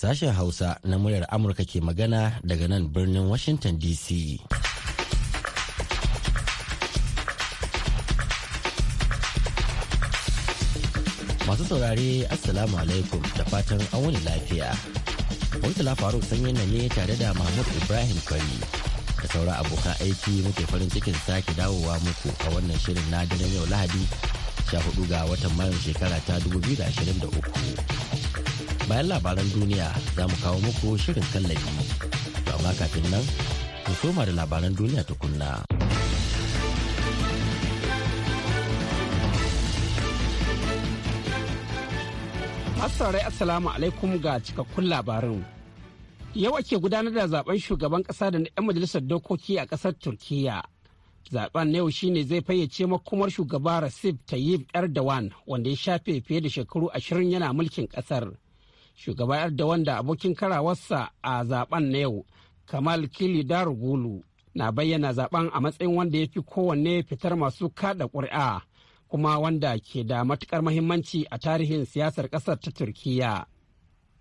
Sashen Hausa na muryar Amurka ke magana daga nan birnin Washington DC. Masu saurare Assalamu alaikum da fatan an wani lafiya. Murtala Faruk sun yi ne tare da Mahmud Ibrahim Kwari da saura abokan aiki muke farin cikin sake dawowa muku a wannan shirin na daren yau Lahadi 14 ga watan mayun shekara ta 2023. bayan labaran duniya za mu kawo muku shirin kallabi amma kafin nan mu soma da labaran duniya tukunna. Assare Assalamu alaikum ga cikakkun labarin. Yau ake gudanar da zaben shugaban kasa da na 'yan majalisar dokoki a kasar Turkiyya. Zaben na yau shine zai fayyace makomar shugaba Recep Tayyip Erdogan wanda ya shafe fiye da shekaru ashirin yana mulkin kasar. shugaba Erdogan da abokin karawarsa a zaben na yau Kamal Kili Darugulu na bayyana zaben a matsayin wanda ya fi kowanne fitar masu kada ƙuri'a kuma wanda ke da matukar mahimmanci a tarihin siyasar ƙasar ta Turkiyya.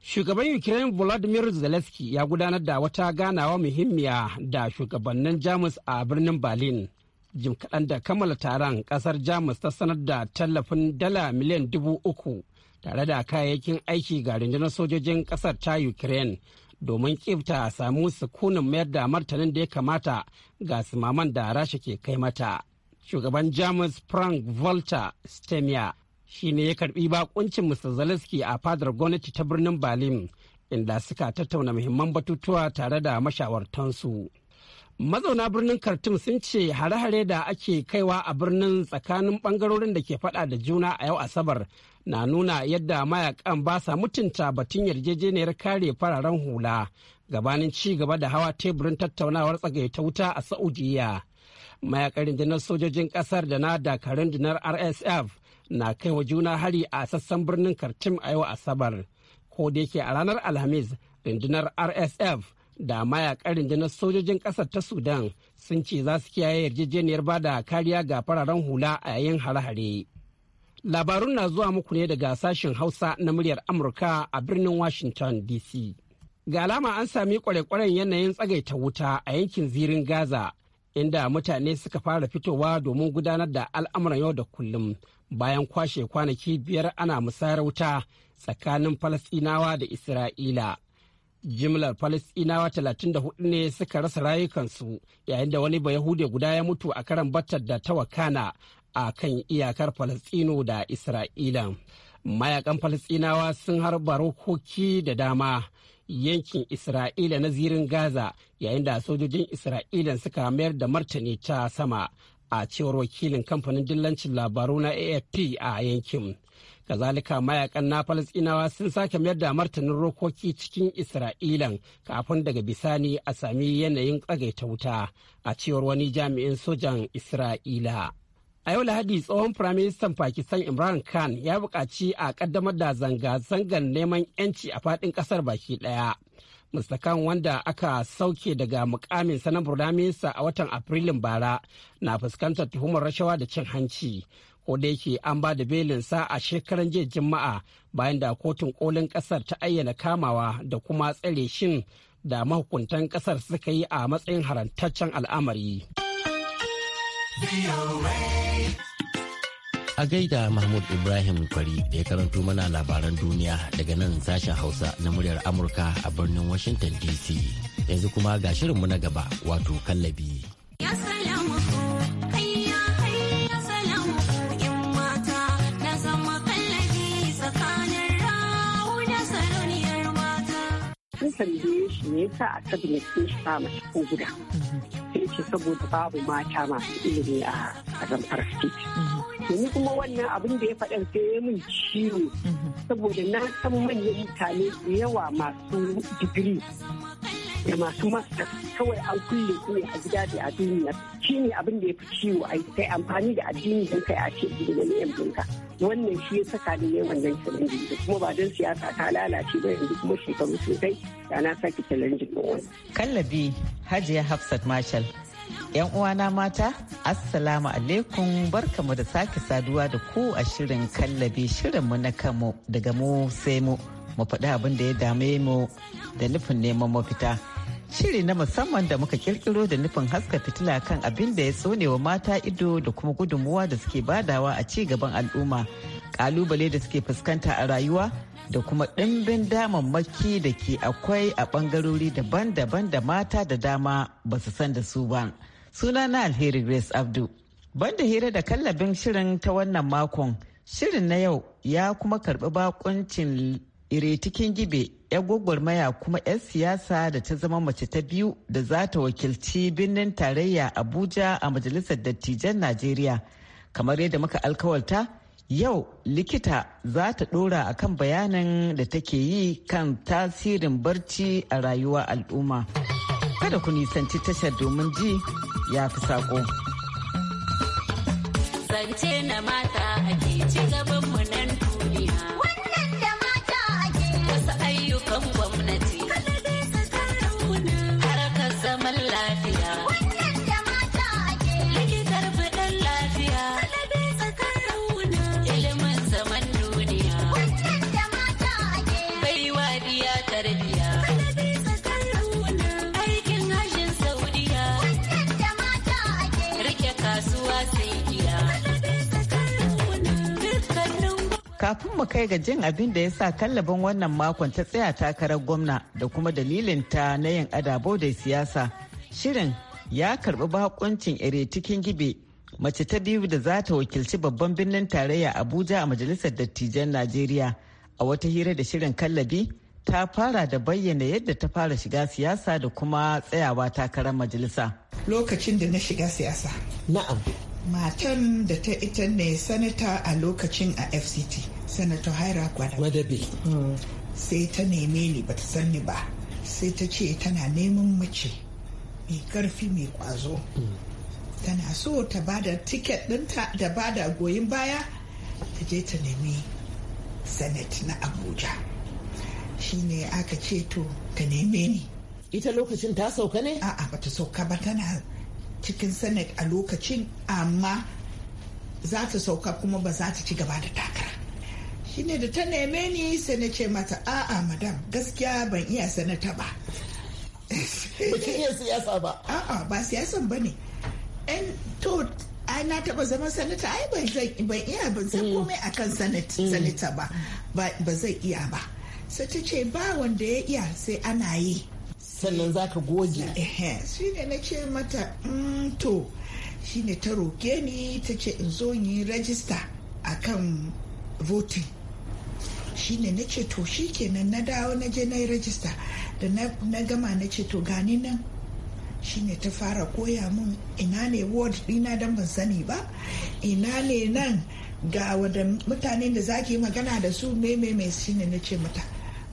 Shugaban Ukraine Volodymyr Zelensky ya gudanar da wata ganawa muhimmiya da shugabannin Jamus a birnin Berlin. Jim kaɗan da kammala taron ƙasar Jamus ta sanar da tallafin dala miliyan dubu uku tare da kayayyakin aiki ga rundunar sojojin kasar ta ukraine domin kifta a samu sukunin mayar da martanin da ya kamata ga simaman da rasha ke kai mata shugaban jamus frank volta stemia shi ne ya karbi bakuncin mr zelensky a fadar gwamnati ta birnin berlin inda suka tattauna muhimman batutuwa tare da mashawartansu mazauna birnin khartoum sun ce hare-hare da ake kaiwa a birnin tsakanin bangarorin da ke fada da juna a yau asabar na nuna yadda mayakan ba sa mutunta batun yarjejeniyar kare fararen hula gabanin ci gaba da hawa teburin tattaunawar tsagaita wuta a saudiya mayakan rindunar sojojin kasar da na dakarun rundunar rsf na kai wa juna hari a sassan birnin khartoum a yau asabar ko da yake a ranar alhamis rundunar rsf da mayakan rindunar sojojin kasar ta sudan sun ce za su kiyaye yarjejeniyar ba da kariya ga fararen hula a yayin hare-hare Labarun na zuwa muku ne daga sashen Hausa na muryar Amurka a birnin Washington DC. Ga alama an sami kware-kwaren yanayin tsagaita wuta a yankin zirin Gaza, inda mutane suka fara fitowa domin gudanar da al'amuran yau da kullum bayan kwashe kwanaki biyar ana musayar wuta tsakanin Falasinawa da Isra'ila. Jimlar Falasɗinawa 34 ne suka rasa rayukansu yayin da wani Bayahude guda ya mutu a karan batar da tawakana a kan iyakar Falasino da Isra'ila. Mayakan Falasinawa sun harba rokoki da dama yankin Isra'ila na zirin Gaza yayin da sojojin Isra'ila suka mayar da martani ta sama a cewar wakilin kamfanin dillancin labaru na AFP a yankin. Kazalika mayakan na Falasinawa sun sake mayar da martanin rokoki cikin Isra'ilan kafin daga bisani a sami yanayin tsagaita wuta a cewar wani jami'in sojan Isra'ila. a yau lahadi tsohon firaministan pakistan imran khan ya buƙaci a ƙaddamar da zanga-zangar neman 'yanci a faɗin ƙasar baki ɗaya mustakan wanda aka sauke daga mukamin sanan burdaminsa a watan afrilun bara na fuskantar tuhumar rashawa da cin hanci ko da yake an ba da belinsa a shekaran jiya juma'a bayan da kotun kolin kasar ta ayyana kamawa da kuma tsare shin da mahukuntan kasar suka yi a matsayin harantaccen al'amari. A gaida Mahmud Ibrahim Kwari da ya karanto mana labaran duniya daga nan sashen Hausa na muryar Amurka a birnin Washington DC. Yanzu kuma ga shirinmu na gaba wato kallabi. Ya salamu tambaye shi me yasa a tabi ne sun shiga mace ko guda sai ce saboda babu mata masu ilimi a zamfar state ni kuma wannan abin da ya faɗa sai ya min ciwo saboda na san manyan mutane da yawa masu digiri da masu master kawai an kulle su a gida da a duniya shi ne abin da ya fi ciwo ai sai amfani da addini don kai a ce gidan yan wannan shi ya saka da yawan wannan challenging da kuma ba don siyasa ta lalace ba yanzu kuma shekaru sosai da na sake challenging din wani. Kallabi Hajiya Hafsat Marshall. Yan uwana mata, Assalamu alaikum barkamu da sake saduwa da ku a shirin kallabi shirinmu na kanmu daga mu sai mu mu faɗi abin da ya dame mu da nufin neman mafita. shiri na musamman da muka kirkiro da nufin haska fitila kan abin da ya tsonewa mata ido da kuma gudunmuwa da suke badawa a ci gaban al'umma kalubale da suke fuskanta a rayuwa da kuma ɗimbin damammaki da ke akwai a ɓangarori daban-daban da mata da dama ba su san da su ba suna na alheri grace abdu banda hira da kallabin shirin ta wannan makon shirin na yau ya kuma karbi bakuncin iretikin gibe 'yan gwagwarmaya kuma 'yan siyasa da ta zama mace ta biyu da za ta wakilci birnin tarayya abuja a majalisar dattijan najeriya kamar yadda muka alkawarta yau likita za ta dora a kan bayanin da take yi kan tasirin barci a rayuwa al'umma kada ku nisanci tashar domin ji ya fi sako. Zance na mata a ke ci gaban kafin mu kai ga jin abin da ya sa kallabin wannan makon ta tsaya takarar gwamna da kuma dalilin ta na yin adabo da siyasa shirin ya karbi bakuncin eretikin gibe mace ta biyu da za ta wakilci babban birnin tarayya abuja a majalisar dattijan najeriya a wata hira da shirin kallabi ta fara da bayyana yadda ta fara shiga siyasa da kuma tsayawa takarar majalisa lokacin da na shiga siyasa na'am matan da ta ita ne sanata a lokacin a fct sanata haira gwadabe hmm. sai ta neme ni ta san ni ba sai ta ce tana neman mace mai karfi mai kwazo hmm. tana so ta bada tiket dinta da bada goyon baya ta je ta nemi senate na abuja shine aka ce to ta neme ni ita lokacin ta sauka ne a'a ba ta sauka ba tana cikin senate a lokacin amma za ta sauka kuma ba za ta ci gaba da takara shine da ta neme ni sai na ce mata a'a madam gaskiya ban iya sanata ba bakin iya siyasa ba a'a ba siyasan ba ne to na taba zama sanata ai ban iya ban san mm. komai akan mm. sanata ba ba zai iya ba sai ta ce ba wanda ya iya sai ana yi sannan za ka goge shi ne na ce mata mm, to shi ne ta roke ni ta ce in zo yi rajista a kan voting shi ne na ce to shi kenan na dawo na je na yi rajista da na gama na ce to gani nan shi ne ta fara koya mun ina ne ward dina don ban sani ba ina ne nan ga wadda mutane da zaki magana da su mai mai mai shi ne na ce mata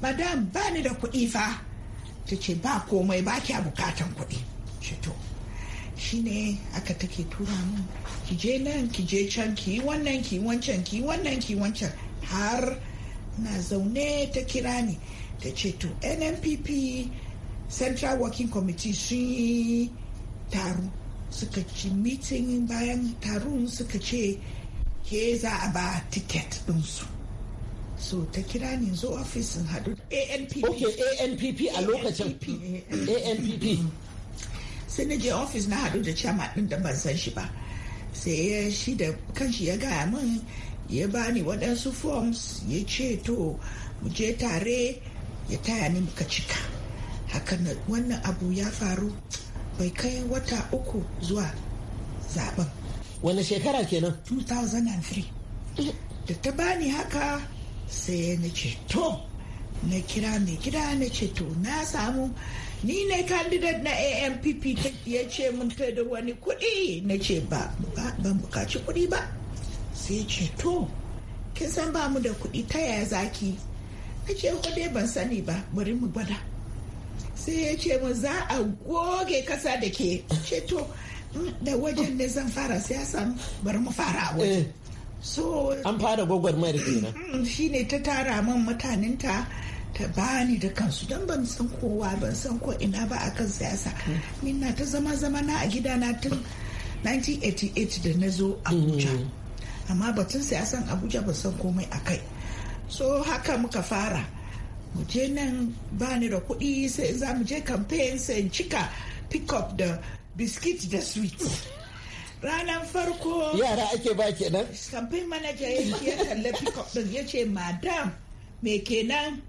madam ba ni da kuɗi fa ta ce ba komai ba kya bukatan kuɗi shi to shi ne aka take tura min ki je nan ki je can ki yi wannan ki wancan ki wannan ki wancan har na zaune ta kira ni ta ce to nnpp central working committee sun yi taro suka ci mitin bayan taron suka ce ke za a ba tiket ɗinsu so ta kira ni zo ofisin hadu anpp ok anpp a lokacin anpp sai na je ofis na hadu da chairman ɗin da ban san shi ba sai ya shi da kanshi ya gaya min ya bani waɗansu forms ya ce to mu je tare ya taya ni muka cika hakan wannan abu ya faru bai kai wata uku zuwa zaben wani shekara kenan 2003 da ta bani haka sai na nace to na kira mai gida na ce to na samu ni ne candidate na ampp ya ce mun ta da wani kuɗi na ce ba ban bukaci kuɗi ba sai ce to kin san ba mu da kuɗi ta yaya zaki na ce dai ban sani ba bari mu gwada sai ya ce mu za a goge kasa da ke ce to da wajen ne zan fara sai bari mu fara a wajen eh, so an fara gwagwarmayar kenan mm, shine ta tara man mutanenta ta bani da kansu don ban san kowa ban san ko ina ba a kan siyasa mm. na ta zama zama na a gida na tun 1988 da na zo abuja mm. amma batun siyasan abuja ban san komai a kai so haka muka fara mu je nan bani da kuɗi sai za mu je campaign sai cika pick up da biskit da sweet ranar farko yara ake ba kenan kamfin manaja ya kalle pickup din ya ce madam me kenan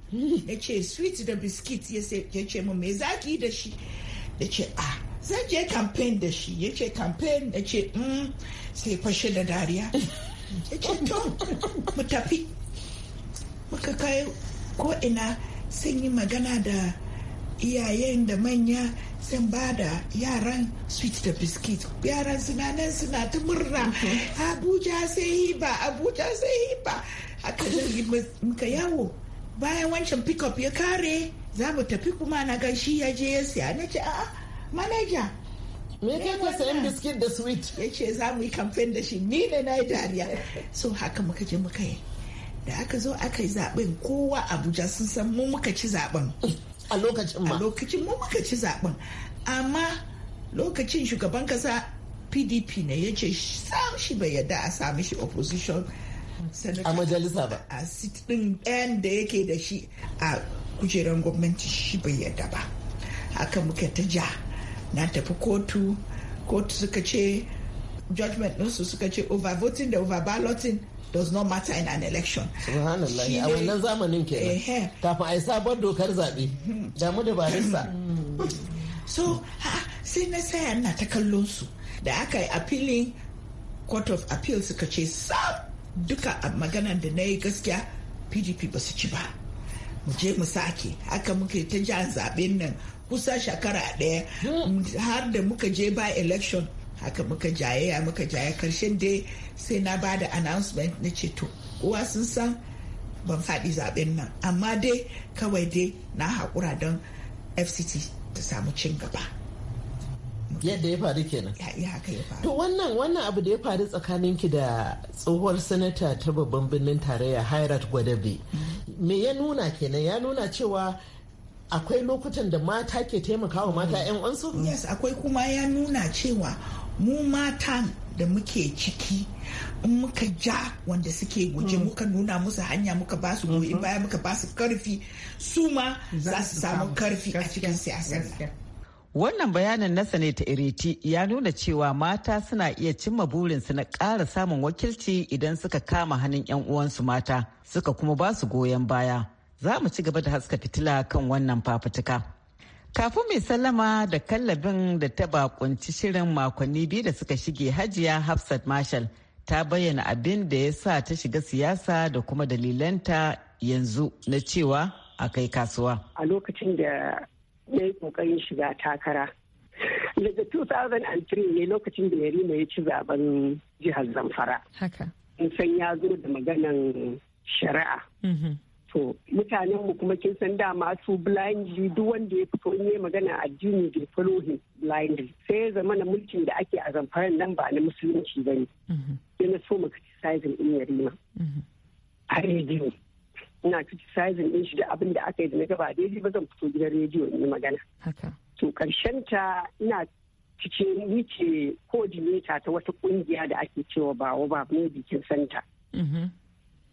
ya ce sweet da biskit ya ce mu me zaki da shi ya ce ah zan je kamfen da shi ya ce kamfen ya ce mm, sai fashe da dariya ya ce to mu tafi muka kai ko ina sun yi magana da iyayen da manya zan ba da yaran sweet da biskit yaran suna nan suna ta murna mhm. abuja sai ba abuja sai ba haka zan yi muka yawo bayan wancan pickup ya kare za mu tafi kuma na gan shi ya je ya siya na ce a'a manaja me kai ka sayan biskit da sweet ya ce za mu yi kamfen da shi ni da na yi dariya so haka muka je muka yi da aka zo aka yi zaben kowa abuja sun san mu muka ci zaɓen. a lokacin ma a lokacin mu muka ci zaben amma lokacin shugaban kasa pdp ne ya ce sam shi bai yadda a sami shi opposition a majalisa ba a sitin ɗayan da yake da shi a kujeran gwamnati shi bai yadda ba haka muka ta ja na tafi kotu kotu suka ce judgment ɗinsu suka ce overvoting da overballoting does not matter in an election. Subhanallah a wannan zamanin nan kafin a yi sabon dokar zaɓe damu da barista. So sai na saya na ta kallon su da aka yi appealing court of appeal suka ce sam duka maganan da na yi gaskiya PDP ba su ci ba. mu je mu sake aka muke ta jihar zaɓen nan kusa shekara ɗaya hmm. har da muka je ba election haka muka jayayya muka jaya karshen dai sai na ba da announcement na ceto to kowa sun san ban faɗi zaɓen nan amma dai kawai dai na haƙura don fct ta samu cin gaba yadda ya faru kenan to wannan wannan abu da ya faru tsakanin ki da tsohuwar sanata ta babban birnin tarayya hairat gwadabe me ya nuna kenan ya nuna cewa akwai lokutan da mata ke taimakawa mata 'yan mm. uwansu yes akwai kuma ya nuna cewa mu matan da muke ciki in muka ja wanda suke guje mm. muka nuna musu hanya muka ba su goyi mm-hmm. baya muka ba su karfi su ma za su samu karfi a cikin siyasar Wannan bayanin na Sanata Ireti ya nuna cewa mata suna iya cimma burinsu na ƙara samun wakilci idan suka kama hannun 'yan uwansu mata suka kuma ba su goyon baya. Za mu ci gaba da haska fitila kan wannan fafutuka. Kafin mai sallama da kallabin da ta bakunci shirin makonni biyu da suka shige hajiya Hafsat Marshall ta bayyana abin da ya sa ta shiga siyasa da kuma dalilanta yanzu na cewa a kai kasuwa. A lokacin da ya yi kokarin shiga takara. Daga 2003 ne lokacin da Yarima ya ci zaben jihar Zamfara. Haka. san ya zo da maganan shari'a. Mm-hmm. to mutanen mu kuma kin san da su blindly duk wanda ya fito in yayi magana addini da follow him blindly sai ya zama na mulkin da ake a zamfaran nan ba na musulunci bane mhm. sai na so mu criticizing din yarima mhm. a rediyo ina criticizing din shi da abin da aka yi da na gaba daidai ba zan fito gidan rediyo in yi magana to karshen ta ina cike ni ce coordinator ta wata kungiya da ake cewa bawa ba mai bikin santa mhm.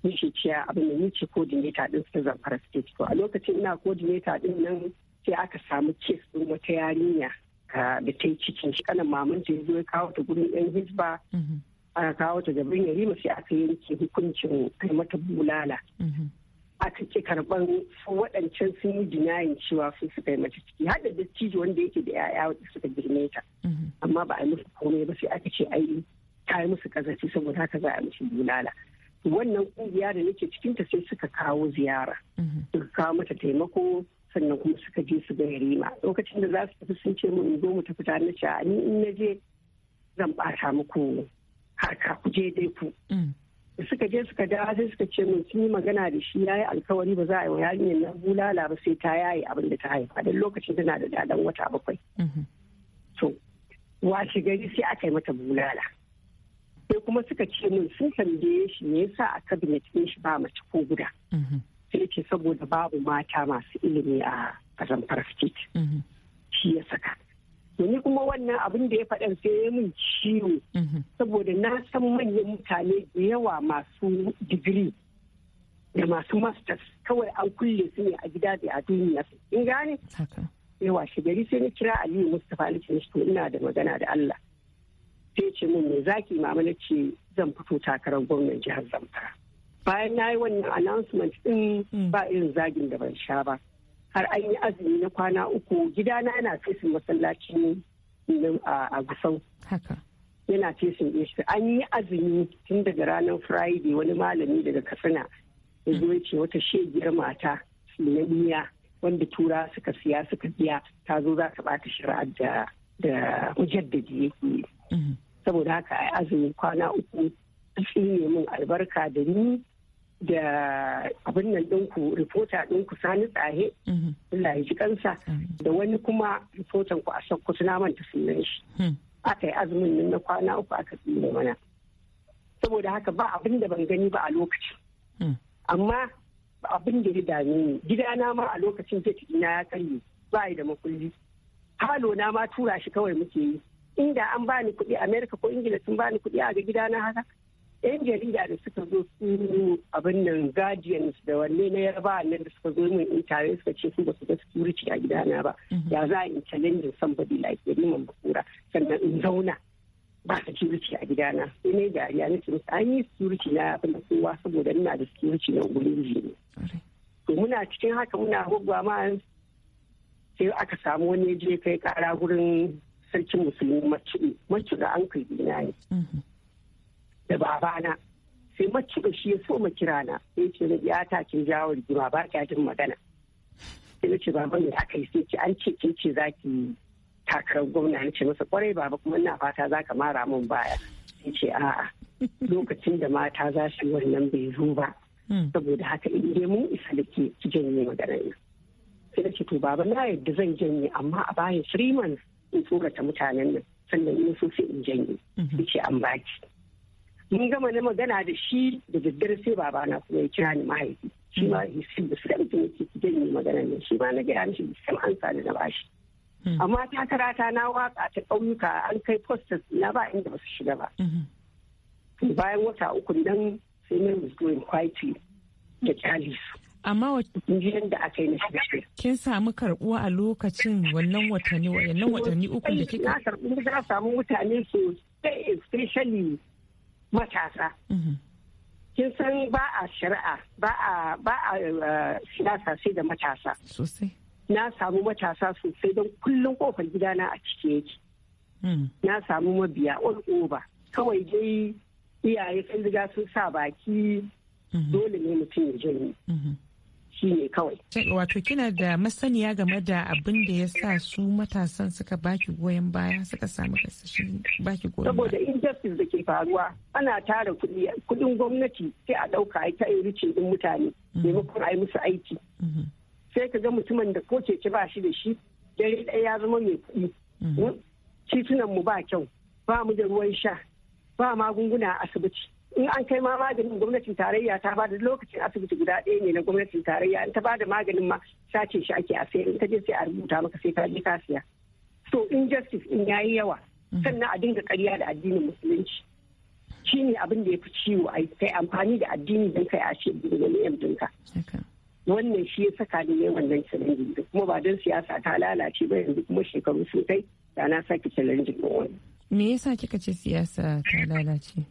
nake cewa abin da nake coordinator din su zamfara state to a lokacin ina coordinator din nan sai aka samu kes din wata yarinya da ta yi cikin shi kanan maman ta zo ya kawo ta gurin yan hijba mm-hmm. aka kawo ta gaban yarima sai aka yanke hukuncin kai mata bulala mm-hmm. aka ki karban waɗancan sun yi jinayin cewa sun suka yi mata ciki har da dattijo wanda yake da 'ya'ya wanda suka girme ta mm-hmm. amma ba a yi musu komai ba sai aka ce ai ta yi musu kazafi saboda haka za a yi musu bulala wannan kungiya da nake cikin ta sai suka kawo ziyara mhm. suka kawo mata taimako sannan kuma suka je su ga yarima lokacin da za su tafi sun ce mun zo mu tafi ta na ce ni in na je zan bata muku harka ku je dai ku mm. suka je suka dawo sai suka ce mun sun yi magana da shi yayi alkawari ba za a yi wa yarinyar nan bulala ba sai ta yaye abin da ta haifa dan lokacin tana da dadan wata bakwai so mhm. washe gari sai aka yi mata bulala sai kuma suka ce min sun tambaye shi me yasa a cabinet ɗin shi ba mace ko guda mhm. sai ce saboda babu mata masu ilimi a zamfara farfit mhm. shi ya saka domin kuma wannan abin da ya faɗa sai ya min ciwo mhm. saboda na san manyan mutane da yawa masu digiri da masu masters kawai an kulle su ne a gida da a duniya in gane yawa shi gari sai na kira aliyu mustapha na ina da magana da allah sai ce min me zaki ma na ce zan fito takarar gwamnan jihar zamfara bayan na yi wannan announcement din hmm. ba irin zagin da ban sha ba har an yi azumi na kwana uku gidana yana fesin masallacin a gusau yana fesin ɗin an yi azumi tun daga ranar friday wani malami daga katsina ya zo ya ce wata shegiyar mata sinaniya wanda tura suka siya suka biya ta zo za ta bata shari'ar da da mujaddadi yake saboda haka a azumi kwana uku shi ne mun albarka da ni da abin nan ɗinku rifota ɗinku sani tsahe mhm. Allah ya ji kansa da wani kuma rifotan ku a sakkutu na manta sunan shi hmm. aka yi azumin nan na kwana uku aka tsire mana saboda haka ba abin da ban gani ba a lokaci. Hmm. amma abin da ya dame ni gidana ma a lokacin jet ina ya karye ba da makulli halo na ma tura shi kawai muke yi inda an bani kuɗi amerika ko ingila sun bani kuɗi a gida na haka yan jarida da suka zo su abin nan guardians da wanne na yarba nan da suka zo min intare suka ce su ba su ga security a gidana ba mhm. ya za a in challenge somebody like Yariman Bakura sannan in zauna ba security a gidana sai ne da na ce musu an yi security na abin da kowa saboda ina da security na ubangiji ne to muna cikin haka muna gwagwa ma sai aka samu wani je kai kara gurin sarki musulmi makiɗi makiɗa an kai dina ne mhm. da babana sai makiɗa shi ya so makira na ya ce na ya ta kin jawo rigima ba ta jin magana sai na ce baban ya aka yi sai ce an ce kin ce za ki takarar gwamna na ce masa kwarai baba kuma ina fata za ka mara min baya sai ce a'a lokacin da mata za su wannan bai zo ba hmm. saboda haka in dai mun isa da ke janye magana sai na ce to baba na yadda zan janye amma a bayan three months in tsorata mutanen nan sannan in so sai in janye mhm. ce an baki mun gama na magana da shi da daddare sai babana kuma ya kira ni mahaifi shi mhm. ma hisin da suka mutum yake janye magana nan shi ma na gaya mishi bisan an sani na bashi mhm. amma ta karata na waka ta ƙauyuka an kai posters na ba inda ba su shiga ba bayan wata uku dan sai na musu going quietly da kyalisu amma wajen da aka yi na kin samu karbuwa a lokacin wannan watanni wannan watanni uku da kika na karbu za samu mutane sosai especially matasa mhm. kin san ba a shari'a ba a ba a eh, siyasa sai da matasa sosai na samu matasa sosai don kullum kofar gidana a cike yake hmm. na samu mabiya all over kawai dai iyaye sun riga sun sa baki mhm. dole ne mutum ya jini shi ne kawai. Wato kina da masaniya game da abin da ya sa su matasan suka baki goyon baya suka samu kasashen baki goyon baya. Saboda injustice da ke faruwa ana tara kuɗi kuɗin gwamnati sai a ɗauka a yi ta rice ɗin mutane mm-hmm. maimakon a yi musu aiki. Mm-hmm. Sai ka ga mutumin da ko keke ba shi da shi dare ɗaya ya zama mai kuɗi. Mm-hmm. Titunan mu ba kyau ba mu da ruwan sha ba magunguna a asibiti. in an kai ma maganin gwamnatin tarayya ta bada lokacin asibiti guda ɗaya ne na gwamnatin tarayya in ta bada maganin ma sace shi ake a sayar in ta je sai a rubuta maka sai ka je ka siya so injustice in yayi yawa mm. sannan a dinga ƙarya da addinin musulunci shi ne abin da ya fi ciwo a kai amfani da addini don kai a ce wani yan dinka wannan shi ya saka ni ne wannan challenge kuma ba don siyasa ta lalace ba yanzu kuma shekaru sosai da na sake challenge wani me yasa kika ce siyasa ta lalace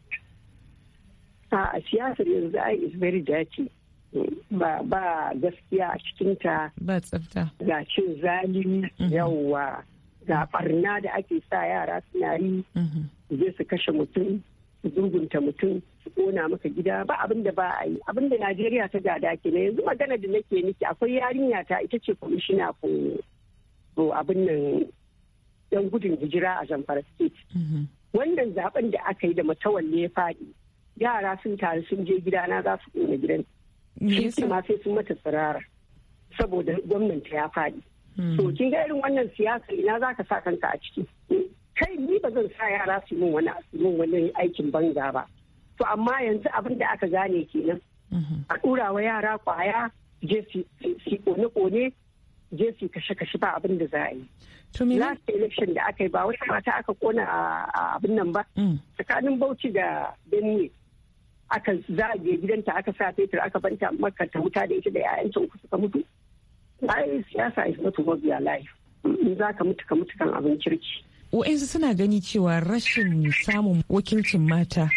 a siyasar yanzu za yi is very dirty ba ba gaskiya a cikinta ba tsafta ga cin zalimi mhm. yawwa ga barna da ake sa yara suna yi mhm. je su kashe mutum su gurgunta mutum su kona maka gida ba abin da ba a yi abin da najeriya ta gada ke na yanzu magana da nake niki akwai yarinya ta ita ce kwamishina ko abin nan yan gudun hijira a zamfara state mhm. wannan zaben da aka yi da matawalle ya faɗi yara sun taru sun je gidana za su kona gidan shi ma sai sun mata tsirara saboda gwamnati ya faɗi so hmm. kin ga irin wannan siyasa ina za ka sa kanka a ciki kai ni ba zan sa yara su yi wani min wani aikin banza ba to amma yanzu abin da aka gane kenan mm-hmm. a dura wa yara kwaya je su kone kone je su kashe kashe ba abin da za a yi last election da aka yi ba wata mata aka kona a abin nan ba mm. tsakanin bauchi da benue aka za gidanta aka sa fetur aka banta maka ta wuta da ita da 'ya'yanta uku suka mutu ai siyasa is not we are life in za ka mutu ka mutu kan abin kirki wa'insu suna gani cewa rashin samun wakilcin mata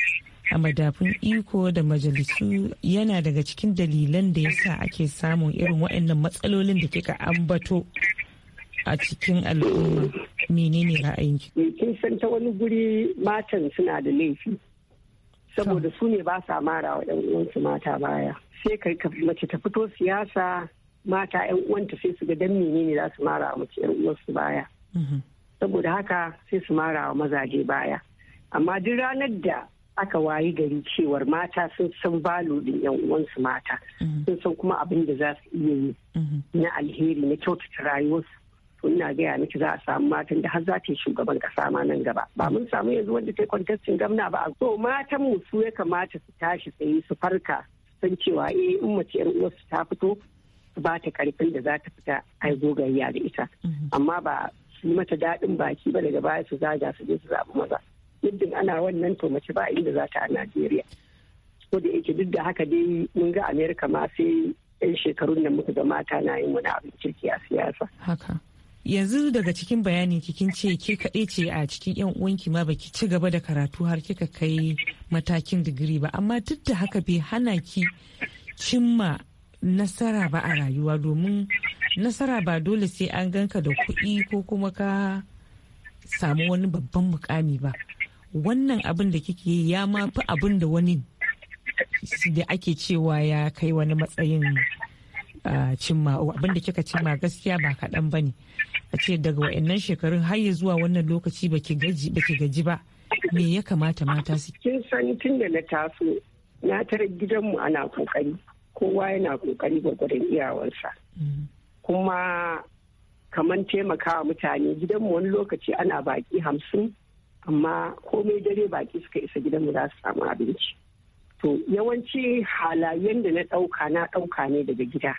a madafun iko da majalisu yana daga cikin dalilan da yasa ake samun irin waɗannan matsalolin da kika ambato a cikin al'umma menene ra'ayinki kin san ta wani guri matan suna da laifi saboda su ne ba sa mara wa yan uwansu mata baya sai ka mace ta fito siyasa mata yan uwanta sai su ga dan menene za su mara wa mace yan uwansu baya mhm. saboda haka sai su mara wa mazaje baya amma duk ranar da aka wayi gari cewar mata sun san balo din yan uwansu mata mhm. sun san kuma abin da za su iya yi mhm. na alheri na kyautata rayuwarsu tun na gaya miki za a samu matan da har za ta yi shugaban kasa ma nan gaba ba mun samu yanzu wanda ta yi contestin gamna ba so matan mu su ya kamata su tashi tsaye su farka san cewa eh in mace yan uwarsu ta fito su ba ta karfin da za ta fita ai gogayya da ita mhm. amma ba su yi mata daɗin baki ba daga baya su zaga su je su zaɓi maza muddin ana wannan to mace ba a inda za ta a Najeriya ko da yake duk da haka dai mun ga Amerika ma sai 'yan shekarun nan muka ga mata na yin wani abin kirki a siyasa. yanzu daga cikin bayani kikin ce ke kaɗai ce a cikin yan uwanki ma baki ci gaba da karatu har kika kai matakin digiri ba amma duk da haka bai hana ki cimma nasara ba a rayuwa domin nasara ba dole sai an ganka da kuɗi ko kuma ka samu wani babban mukami ba wannan abin da kike yi ya ma fi abin da wani da ake cewa ya kai wani matsayin ah, cimma abin da kika cimma gaskiya ba kaɗan ba ne a ce daga wa'annan shekarun har ya zuwa wannan lokaci baki gaji gaji ba me ya kamata mata su kin san tun da na taso na tare gidanmu ana kokari kowa yana kokari gwagwarin iyawarsa mm. kuma kamar taimakawa mutane gidanmu wani lokaci ana baki hamsin amma komai dare baki suka isa gidanmu za su samu abinci to yawanci halayen da na ɗauka na ɗauka ne daga gida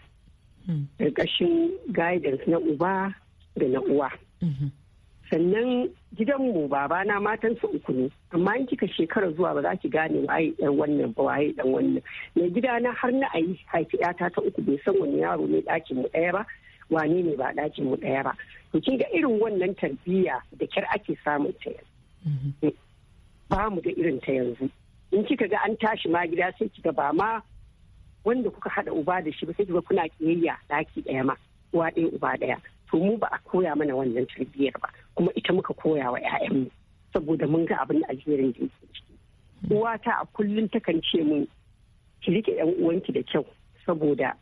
mm. ƙarƙashin guidance na uba da na uwa mhm. sannan gidanmu babana matan su uku ne amma in kika shekara zuwa ba za ki gane yi dan wannan ba yi dan wannan mai gidana har na ayi haifi yata ta uku bai san wani yaro ne ɗakin mu ɗaya ba wane ne ba ɗakin mu ɗaya ba to kin ga irin wannan tarbiyya da kyar ake samun ta yanzu mhm. eh, ba mu da irin ta yanzu in kika ga an tashi ma gida sai kika ba ma wanda kuka haɗa uba da shi ba sai kika kuna kiyayya ɗaki ɗaya ma uwa ɗaya uba ɗaya to mu ba a koya mana wannan tarbiyyar ba kuma ita muka koya wa 'ya'yanmu saboda mun ga abin alherin da yake ciki uwata a kullum takan ce mun ki rike yan uwanki da kyau saboda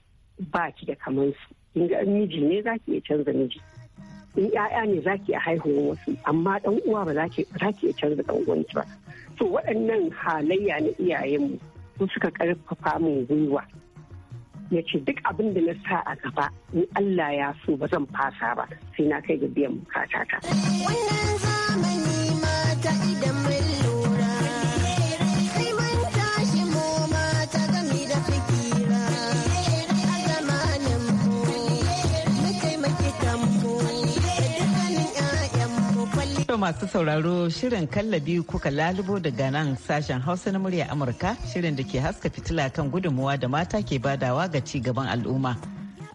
ba ki da kaman su in ga miji ne za ki iya canza miji in 'ya'ya ne za ki iya haihuwa wasu amma dan uwa ba za ki iya canza dan uwanki ba to waɗannan halayya na iyayenmu su suka karfafa min gwiwa ya ce duk abin da na sa a gaba ni Allah ya so ba zan fasa ba sai na kai ga biyan bukatata. Wannan zamani mata idan mai masu sauraro shirin kallabi kuka lalubo daga nan sashen Hausa na murya Amurka shirin da ke haska fitila kan gudunmuwa da mata ke badawa ga ci gaban al'umma.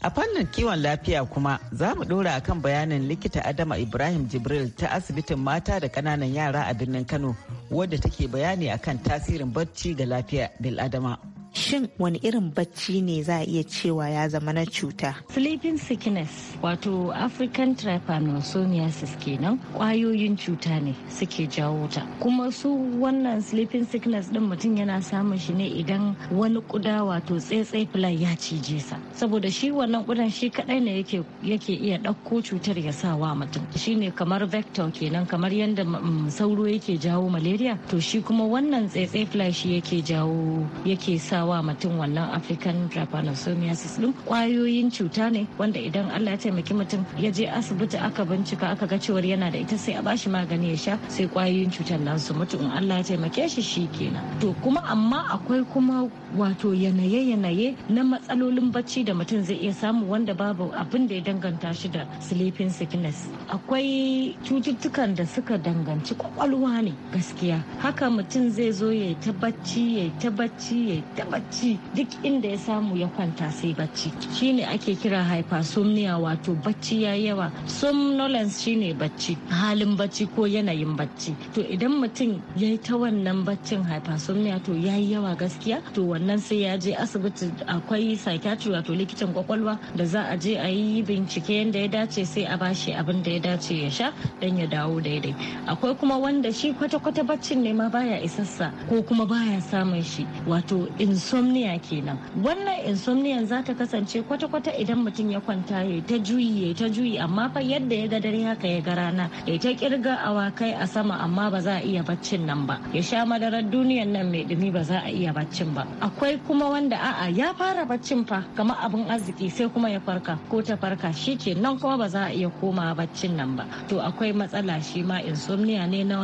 A fannin kiwon lafiya kuma za mu ɗora akan bayanin likita Adama Ibrahim Jibril ta asibitin mata da kananan yara a birnin Kano wadda take bayani akan tasirin barci ga lafiya bil'adama. shin wani irin bacci ne za a iya cewa ya zama na cuta sleeping sickness wato african trypanosomiasis kenan kwayoyin cuta ne suke jawo ta kuma su wannan sleeping sickness din mutum yana samun shi ne idan wani ƙuda wato tsetse fly ya cije sa saboda shi wannan kudan shi kadai ne yake iya ɗauko cutar ya sa wa mutum shi ne kamar vector kenan kamar yadda sauro yake jawo malaria to shi kuma wannan tsetse fly shi yake jawo yake sa wa mutum wannan african drapanosomiasis din kwayoyin cuta ne wanda idan allah ya taimaki mutum ya je asibiti aka bincika aka ga cewar yana da ita sai a bashi magani ya sha sai kwayoyin cutar nan su mutu in allah ya taimake shi shi kenan to kuma amma akwai kuma wato yanaye-yanaye na matsalolin bacci da mutum zai iya samu wanda babu abin da ya danganta shi da sleeping sickness akwai cututtukan da suka danganci kwakwalwa ne gaskiya haka mutum zai zo ya ta bacci ya ta bacci ya ta bacci duk inda ya samu ya kwanta sai bacci shine ake kira hypersomnia wato bacci ya yawa somnolence shine bacci halin bacci ko yanayin bacci to idan mutum ya yi ta wannan baccin hypersomnia to ya yi yawa gaskiya to wannan sai ya je asibiti akwai psychiatry wato likitan kwakwalwa da za a je a yi bincike yadda ya dace sai a bashi abin da ya dace ya sha dan ya dawo daidai akwai kuma wanda shi kwata-kwata baccin ne ma baya isassa ko kuma baya samun shi wato in insomnia kenan wannan insomnia za ta kasance kwata-kwata idan mutum ya kwanta ya ta juyi ya ta juyi amma fa yadda ya ga dare haka ya ga rana ya ta kirga awa kai a sama amma ba za a iya baccin nan ba ya sha madarar duniyan nan mai dumi ba za a iya baccin ba akwai kuma wanda a'a ya fara baccin fa kamar abin arziki sai kuma ya farka ko ta farka shi ke nan kuma ba za a iya koma baccin nan ba to akwai matsala shi ma insomnia ne na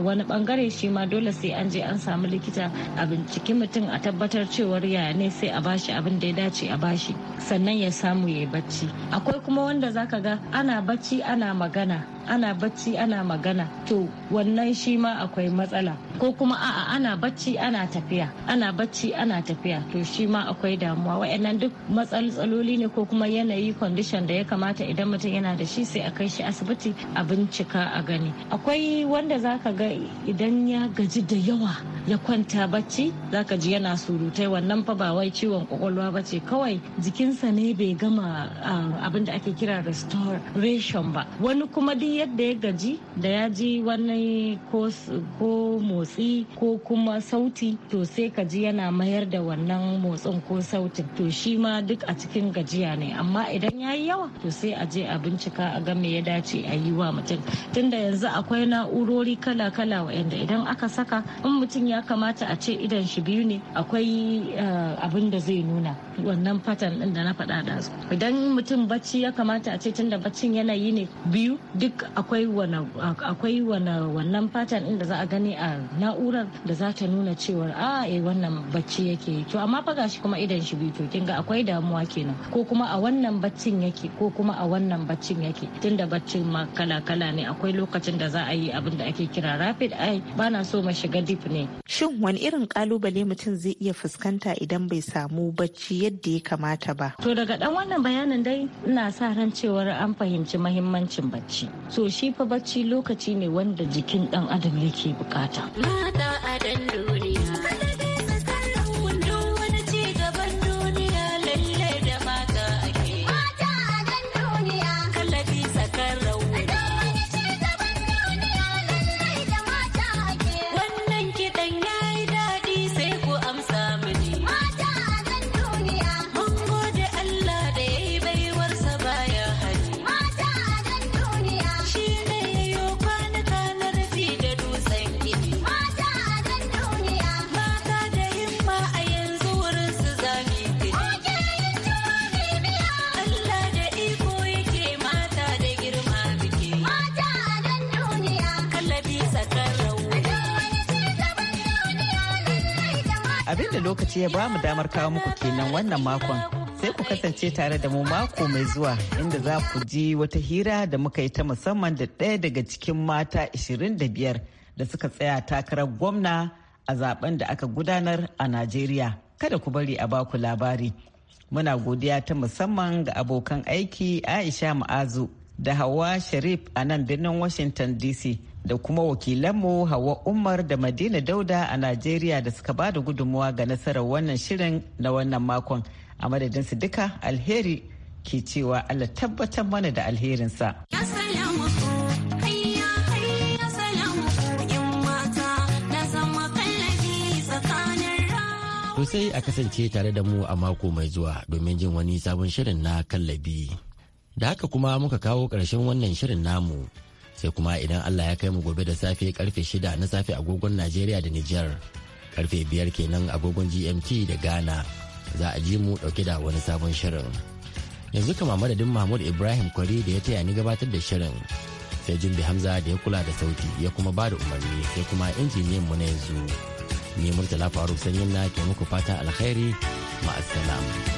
wani bangare shi ma dole sai an je an samu likita a binciken mutum a tabbatar cewar yaya ne sai a bashi abin da ya dace a bashi sannan ya samu ya yi bacci akwai kuma wanda zaka ga ana bacci ana magana ana bacci ana magana to wannan shi ma akwai matsala ko kuma a'a ana bacci ana tafiya ana bacci ana tafiya to shi ma akwai damuwa wa'annan duk matsaloli ne ko kuma yanayi condition da ya kamata idan mutum yana da shi sai a kai shi asibiti a bincika a gani akwai wanda zaka ga idan ya gaji da yawa ya kwanta bacci zaka ji yana surutai wannan fa ba wai ciwon kwakwalwa ba ce kawai jikinsa ne bai gama ah, abin da ake kira restoration ba wani kuma duk yadda ya gaji da ya ji wani ko motsi ko kuma sauti to sai ka ji yana mayar da wannan motsin ko sautin to shi ma duk a cikin gajiya ne amma idan ya yi yawa to sai a je a bincika a ga me ya dace a yi wa mutum tunda yanzu akwai na'urori kala-kala wa'anda idan aka saka in mutum ya kamata a ce idan shi biyu ne akwai eh, abin da zai nuna wannan fatan din da na faɗa da su idan mutum bacci ya kamata a ce tunda baccin yanayi ne biyu duk akwai wannan fatan inda za a gani a na'urar da za ta nuna cewa a ah, eh wannan bacci yake to amma fa gashi kuma idan shi biyu to kin ga akwai damuwa kenan ko kuma a wannan baccin yake ko kuma a wannan baccin yake tunda baccin ma kala kala ne akwai lokacin da za a yi abin da ake kira rapid eye bana so ma shiga deep ne shin wani irin kalubale mutum zai iya fuskanta idan bai samu bacci yadda ya kamata ba to daga dan wannan bayanin dai ina sa ran cewar an fahimci mahimmancin bacci so shi fa bacci lokaci ne wanda jikin dan adam yake bukata mata a dandori da lokaci ya ba mu damar kawo muku kenan wannan makon. Sai ku kasance tare da mu mako mai zuwa inda za ku ji wata hira da muka yi ta musamman da ɗaya daga cikin mata 25 da suka tsaya takarar gwamna a zaben da aka gudanar a Najeriya. Kada ku bari a ba ku labari. Muna godiya ta musamman ga abokan aiki Aisha Ma'azu da Hawa Sharif a nan birnin Washington DC. da kuma wakilanmu Hawa Umar da Madina Dauda a Najeriya da suka ba da gudunmuwa ga nasarar wannan shirin na wannan makon. A madadin su duka alheri ke cewa Allah tabbatar mana da alherinsa. To sai a kasance tare da mu a mako mai zuwa domin jin wani sabon shirin na kallabi. Da haka kuma muka kawo ƙarshen wannan shirin namu. sai kuma idan Allah ya kai mu gobe da safe karfe shida na safe agogon Najeriya da Nijar karfe biyar kenan agogon GMT da Ghana za a ji mu dauke da wani sabon shirin yanzu kama madadin Mahmud Ibrahim Kwari da ya taya ni gabatar da shirin sai Jumbi Hamza da ya kula da sauti ya kuma ba da umarni sai kuma injiniyan mu na yanzu ni Murtala Faruk Sanyin na ke muku fata alkhairi ma'assalam.